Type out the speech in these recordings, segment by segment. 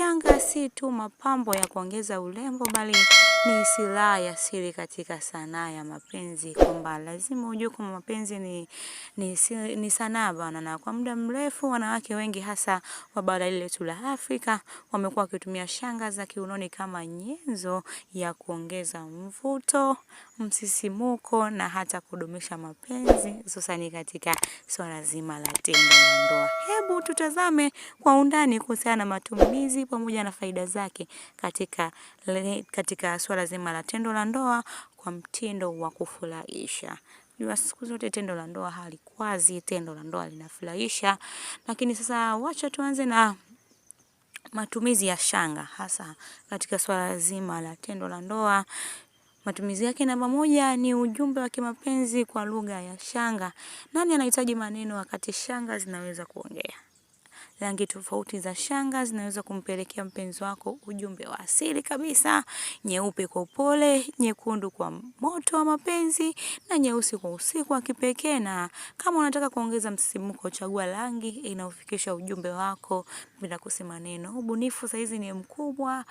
像个 si tu mapambo ya kuongeza urembo, bali ni silaha ya siri katika sanaa ya mapenzi, kwamba lazima ujue kwamba mapenzi ni, ni, ni sanaa bana, na kwa muda mrefu wanawake wengi hasa wa bara letu la Afrika wamekuwa wakitumia shanga za kiunoni kama nyenzo ya kuongeza mvuto, msisimuko na hata kudumisha mapenzi, hususani katika swala zima la tendo la ndoa. Hebu tutazame kwa undani kuhusiana na matumizi pamoja na na faida zake katika, katika swala zima la tendo la ndoa kwa mtindo wa kufurahisha. Jua siku zote tendo la ndoa halikwazi, tendo la ndoa linafurahisha. Lakini sasa wacha tuanze na matumizi ya shanga, hasa katika swala zima la tendo la ndoa. Matumizi yake namba moja ni ujumbe wa kimapenzi kwa lugha ya shanga. Nani anahitaji maneno wakati shanga zinaweza kuongea? rangi tofauti za shanga zinaweza kumpelekea mpenzi wako ujumbe wa asili kabisa, nyeupe kwa upole, nyekundu kwa moto wa mapenzi na nyeusi kwa usiku wa kipekee. Na kama unataka kuongeza msisimko, chagua rangi inaofikisha ujumbe wako bila kusema neno. Ubunifu saizi ni mkubwa.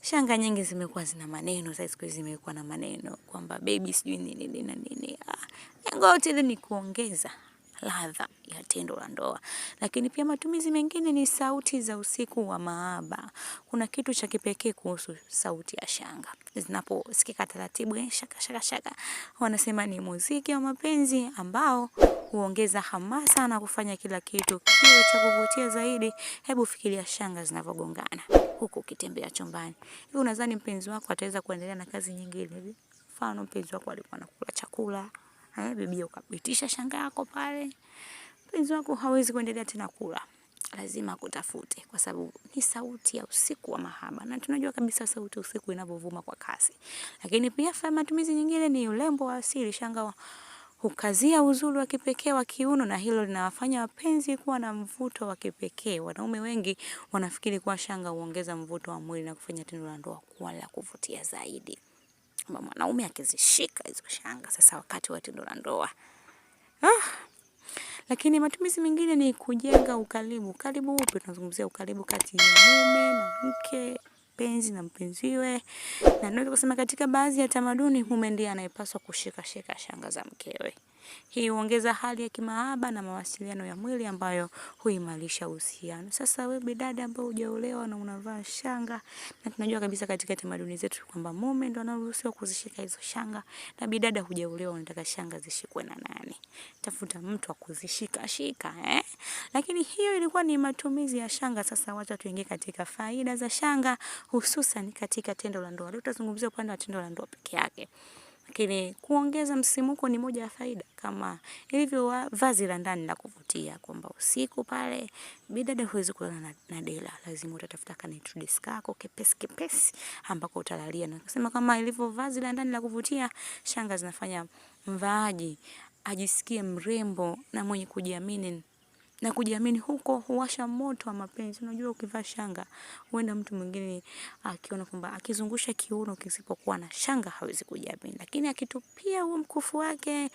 Shanga nyingi zimekuwa zina maneno sasa, siku hizi zimekuwa na maneno kwamba baby sijui nini nini na nini. Ah, lengo yote ni kuongeza ladha ya tendo la ndoa. Lakini pia matumizi mengine ni sauti za usiku wa maaba. Kuna kitu cha kipekee kuhusu sauti ya shanga zinaposikika taratibu, shaka shaka shaka, wanasema ni muziki wa mapenzi ambao huongeza hamasa na kufanya kila kitu kiwe cha kuvutia zaidi. Hebu fikiria shanga zinavyogongana huku ukitembea chumbani. Hivi unadhani mpenzi wako ataweza kuendelea na kazi nyingine hivi? Mfano mpenzi wako alikuwa anakula chakula Eh, bibi, ukapitisha shanga yako pale, mpenzi wako hawezi kuendelea tena kula, lazima kutafute, kwa sababu ni sauti ya usiku wa mahaba, na tunajua kabisa sauti usiku inavyovuma kwa kasi. Lakini pia fa matumizi nyingine ni urembo wa asili. Shanga hukazia uzuri wa kipekee wa kiuno, na hilo linawafanya wapenzi kuwa na mvuto wa kipekee. Wanaume wengi wanafikiri kuwa shanga huongeza mvuto wa mwili na kufanya tendo la ndoa kuwa la kuvutia zaidi kwamba mwanaume akizishika hizo shanga sasa wakati wa tendo la ndoa ah. Lakini matumizi mengine ni kujenga ukaribu. Ukaribu upi? Tunazungumzia ukaribu kati ya mume na mke, mpenzi na mpenziwe, na naweza kusema katika baadhi ya tamaduni mume ndiye anayepaswa kushikashika shanga za mkewe. Hii huongeza hali ya kimahaba na mawasiliano ya mwili ambayo huimarisha uhusiano. Sasa wewe bidada ambaye hujaolewa na unavaa shanga na tunajua kabisa katika tamaduni zetu kwamba mume ndo anaruhusiwa kuzishika hizo shanga na bidada hujaolewa unataka shanga zishikwe na nani? Tafuta mtu akuzishika shika eh? Lakini hiyo ilikuwa ni matumizi ya shanga. Sasa wacha tuingie katika faida za shanga hususan katika tendo la ndoa. Leo tutazungumzia upande wa tendo la ndoa peke yake lakini kuongeza msimuko ni moja ya faida, kama ilivyo vazi la ndani la kuvutia, kwamba usiku pale bidada huwezi kulala na, na dela, lazima utatafuta kanitudis kako kepesi kepesi ambako utalalia, na kusema kama ilivyo vazi la ndani la kuvutia, shanga zinafanya mvaaji ajisikie mrembo na mwenye kujiamini na kujiamini huko huwasha moto wa mapenzi. Unajua, ukivaa shanga huenda mtu mwingine akiona kwamba akizungusha kiuno kisipokuwa na shanga hawezi kujiamini, lakini akitupia huo mkufu wake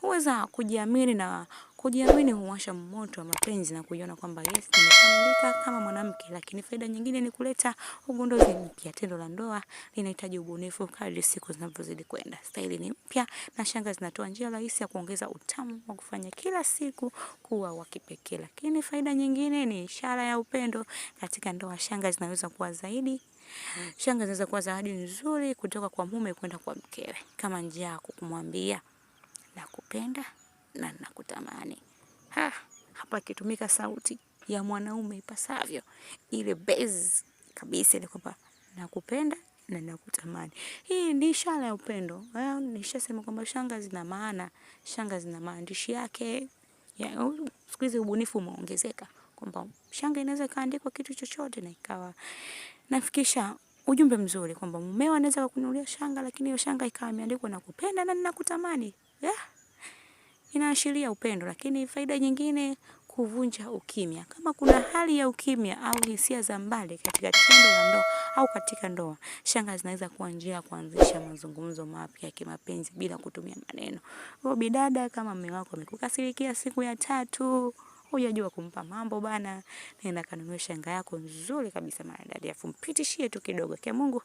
huweza kujiamini na Kujiamini huwasha moto wa mapenzi na kujiona kwamba yes, nimekamilika kama mwanamke. Lakini faida nyingine ni kuleta ugunduzi mpya. Tendo la ndoa linahitaji ubunifu kadri siku zinavyozidi kwenda. Staili ni mpya na shanga zinatoa njia rahisi ya kuongeza utamu wa kufanya kila siku kuwa wa kipekee. Lakini faida nyingine ni ishara ya upendo katika ndoa. Shanga zinaweza kuwa zaidi shanga zinaweza kuwa zawadi nzuri kutoka kwa mume kwenda kwa mkewe, kama njia ya kumwambia na kupenda na nakutamani. Ha, hapa kitumika sauti ya mwanaume ipasavyo, ile base kabisa ile kwamba nakupenda na nakutamani. Hii ni ishara ya upendo. Eh, nishasema kwamba shanga zina maana, shanga zina maandishi yake. Ya, siku hizi ubunifu umeongezeka kwamba shanga inaweza kaandikwa kitu chochote na ikawa nafikisha ujumbe mzuri kwamba mumeo anaweza kukunulia shanga, lakini hiyo shanga ikawa imeandikwa nakupenda na ninakutamani. Yeah inaashiria upendo, lakini faida nyingine kuvunja ukimya. Kama kuna hali ya ukimya au hisia za mbali katika tendo la ndoa au katika ndoa, shanga zinaweza kuwa njia ya kuanzisha mazungumzo mapya ya kimapenzi bila kutumia maneno. Hivyo bidada, kama mume wako amekukasirikia siku ya tatu, hujajua kumpa mambo bana, nenda kanunue shanga yako nzuri kabisa maridadi, afu mpitishie tu kidogo, kia Mungu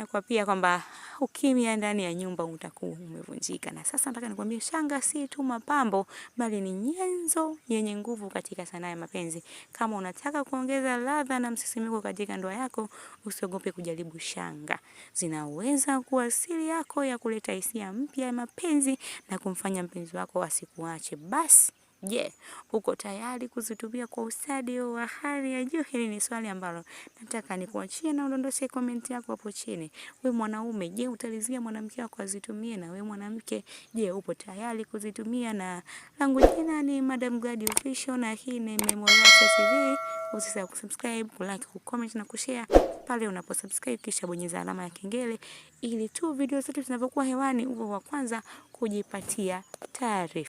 na kwa pia kwamba ukimya ndani ya nyumba utakuwa umevunjika. Na sasa nataka nikwambie, shanga si tu mapambo, bali ni nyenzo yenye nguvu katika sanaa ya mapenzi. Kama unataka kuongeza ladha na msisimiko katika ndoa yako, usiogope kujaribu shanga. Zinaweza kuwa siri yako ya kuleta hisia mpya ya mapenzi na kumfanya mpenzi wako asikuache. Basi Je, yeah, uko tayari kuzitumia kwa ustadi wa hali ya juu? Hili ni swali ambalo nataka nikuachie na udondoshe komenti yako hapo chini. We mwanaume, je, utalizia mwanamke wako azitumie? Na we mwanamke, je, upo tayari kuzitumia? Na langu jina ni Madam Gladi Official na hii ni Memorata TV. Usisahau kusubscribe, kulike, kucomment na kushare pale unaposubscribe, kisha bonyeza alama ya kengele ili tu video zetu zinapokuwa hewani uwe wa kwanza kujipatia taarifa.